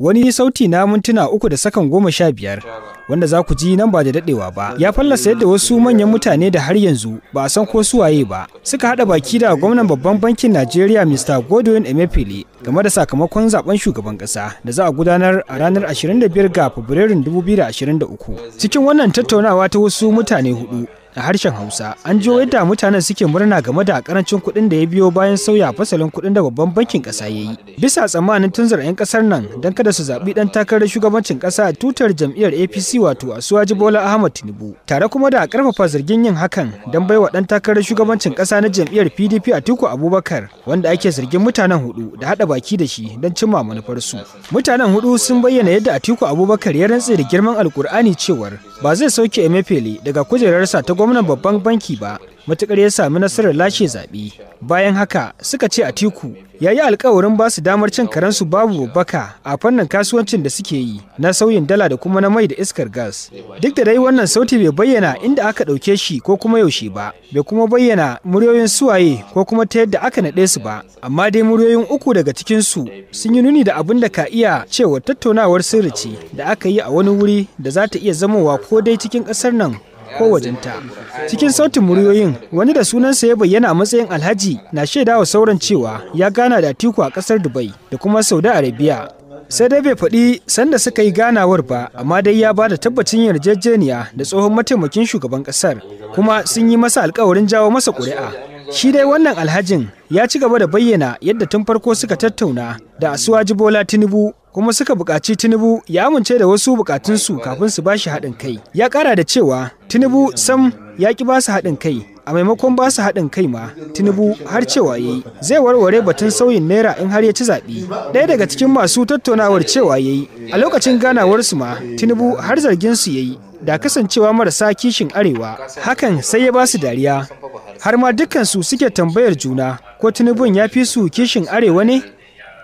wani sauti na mintuna uku da sakan goma sha biyar. wanda za ku ji nan ba da daɗewa ba ya fallasa yadda wasu manyan mutane da har yanzu ba a san ko suwaye ba suka haɗa baki da gwamnan babban bankin Najeriya Mr. Godwin Emefiele game da sakamakon zaben shugaban ƙasa. da za a gudanar a ranar 25 ga Fabrairun 2023 cikin wannan tattaunawa ta wasu mutane hudu a harshen Hausa an jiyo yadda mutanen suke murna game da karancin kuɗin da ya biyo bayan sauya fasalin kuɗin da babban bankin ƙasa ya yi. Bisa tsammanin tunzar 'yan ƙasar nan don kada su zaɓi ɗan takarar shugabancin ƙasa tutar jam'iyyar APC wato Asuwaji Bola Ahmad Tinubu tare kuma da karfafa zargin yin hakan don baiwa dan takarar shugabancin kasa na jam'iyyar PDP Atiku Abubakar wanda ake zargin mutanen hudu da hada baki da shi don cimma manufarsu. Mutanen hudu sun bayyana yadda Atiku Abubakar ya rantse da girman Alkur'ani cewar ba zai sauke Emefiele daga kujerarsa ta gwamnan babban banki ba matukar ya sami nasarar lashe zaɓe bayan haka suka ce atiku ya yi alkawarin ba su damar cin karensu babu babbaka a fannin kasuwancin da suke yi na sauyin dala da kuma na mai da iskar gas duk da dai wannan sauti bai bayyana inda aka ɗauke shi ko kuma yaushe ba bai kuma bayyana muryoyin suwaye ko kuma ta yadda aka naɗe su ba amma dai muryoyin uku daga cikinsu sun yi nuni da abin da ka iya cewa tattaunawar sirri ce da aka yi a wani wuri da za ta iya zamowa ko dai cikin ƙasar nan ko wajenta cikin sautin muryoyin wani da sunansa ya bayyana a matsayin alhaji na shaidawa sauran cewa ya gana da atiku a ƙasar dubai da kuma saudi arabia sai dai bai faɗi sanda suka yi ganawar ba amma dai ya ba da tabbacin yarjejeniya da tsohon mataimakin shugaban ƙasar kuma sun yi masa alkawarin jawo masa ƙuri'a shi dai wannan alhajin ya ci gaba da bayyana yadda tun farko suka tattauna da asuwaji bola tinubu kuma suka buƙaci Tinubu ya amince da wasu buƙatunsu kafin su ba shi haɗin kai. Ya ƙara da cewa Tinubu sam ya ki basu haɗin kai a maimakon ba su haɗin kai ma tinubu har cewa ya yi zai warware batun sauyin naira in har ya ci zaɓe ɗaya daga cikin masu tattaunawar cewa ya yi a lokacin ganawarsu ma tinubu har zarginsu su ya yi da kasancewa marasa kishin arewa hakan sai ya ba su dariya har ma dukkansu suke tambayar juna ko tinubun ya fi su kishin arewa ne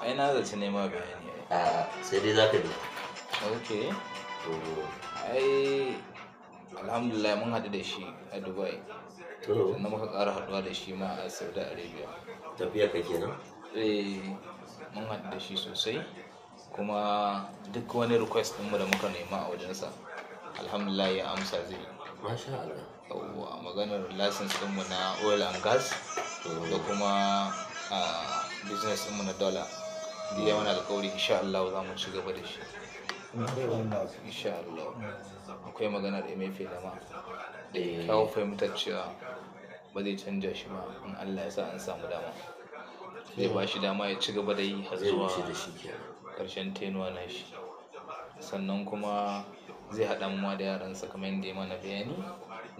ai na zaci nema bayani a ah, sai dai zaka bi ok ai alhamdulillah mun hadu da shi a dubai sannan muka ƙara haduwa da shi ma a saudi arabia tafiya ka kenan eh mun hadu da shi sosai kuma duk wani request mu da muka nema a wajensa alhamdulillah ya amsa zai masha Allah yawwa maganar license mu na oil and gas da kuma ah, business mu na dollar da mana alkawari insha Allah za mu ci gaba da shi insha Allah akwai magana da MFA da ma da kawo fahimtar cewa ba zai canja shi ba in Allah ya sa an samu dama zai ba shi dama ya ci gaba da yi har zuwa ƙarshen tenuwa na shi sannan kuma zai haɗa mu da yaran sa kamar yadda ya mana bayani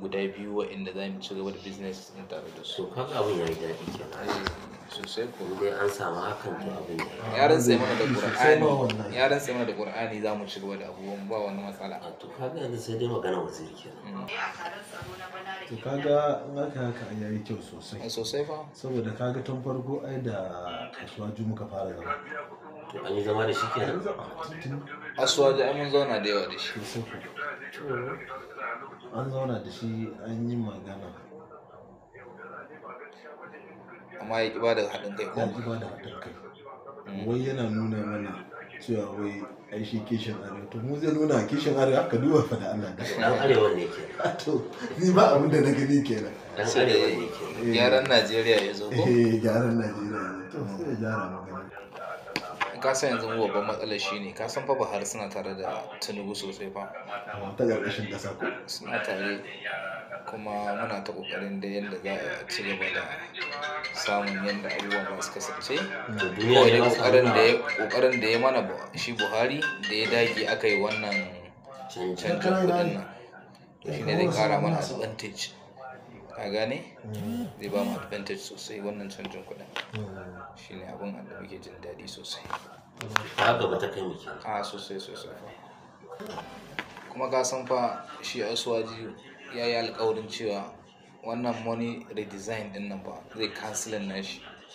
guda biyu waɗanda za mu ci gaba da business din tare da su kaga abin yayi daɗi kenan eh, sosai ko dai an samu hakan to abin yaran sai mana da qur'ani yaran sai mana da qur'ani za mu ci gaba da abubuwan ba wani matsala to kaga yanzu sai dai magana waziri kenan mm. eh, to kaga in aka haka an yayi kyau sosai eh, sosai fa saboda kaga tun farko ai da kasuwa ju muka fara zama to an yi zama da shi kenan aswa da an zauna da yawa da shi an zauna da shi an yi magana amma ya kiba da haɗin kai ya kiba da haɗin kai wai yana nuna mana cewa wai ai shi kishin arewa to mu zai nuna kishin arewa ka duba fa da Allah da dan arewa ne ke to ni ba abin da na gani kenan dan arewa ne ke gyaran Najeriya ya zo ko eh gyaran Najeriya to sai ya gyara magana kasa yanzu mu babban matsalar shi ne ka san fa buhari suna tare da tinubu sosai fa ta kasa ko suna tare kuma muna ta ƙoƙarin da yadda za a ci gaba da samun yadda abubuwa ba su kasance kawai ƙoƙarin da ya mana shi buhari da ya dage aka yi wannan cancan kudin nan to shi ne zai kara mana advantage ka gane zai ba mu advantage sosai wannan canjin shi ne abin da muke jin daɗi sosai ta gaba ta kai muke a sosai sosai kuma ka san fa shi aswaji ya yi alkawarin cewa wannan money redesign din nan ba zai kansilin na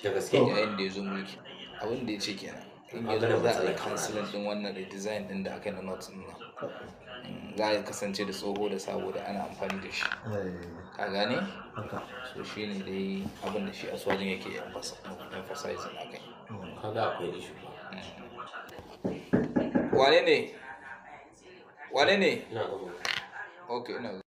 da gaske yayin da ya zo mulki abin da ya ce kenan in ya zo za a yi kansilin din wannan redesign din da aka yi na notes nan za a kasance da tsoho da sabo da ana amfani da shi ka gane so shi ne dai abin da shi aswajin yake emphasizing a kai kaga akwai da shi wane ne wane ne ok ina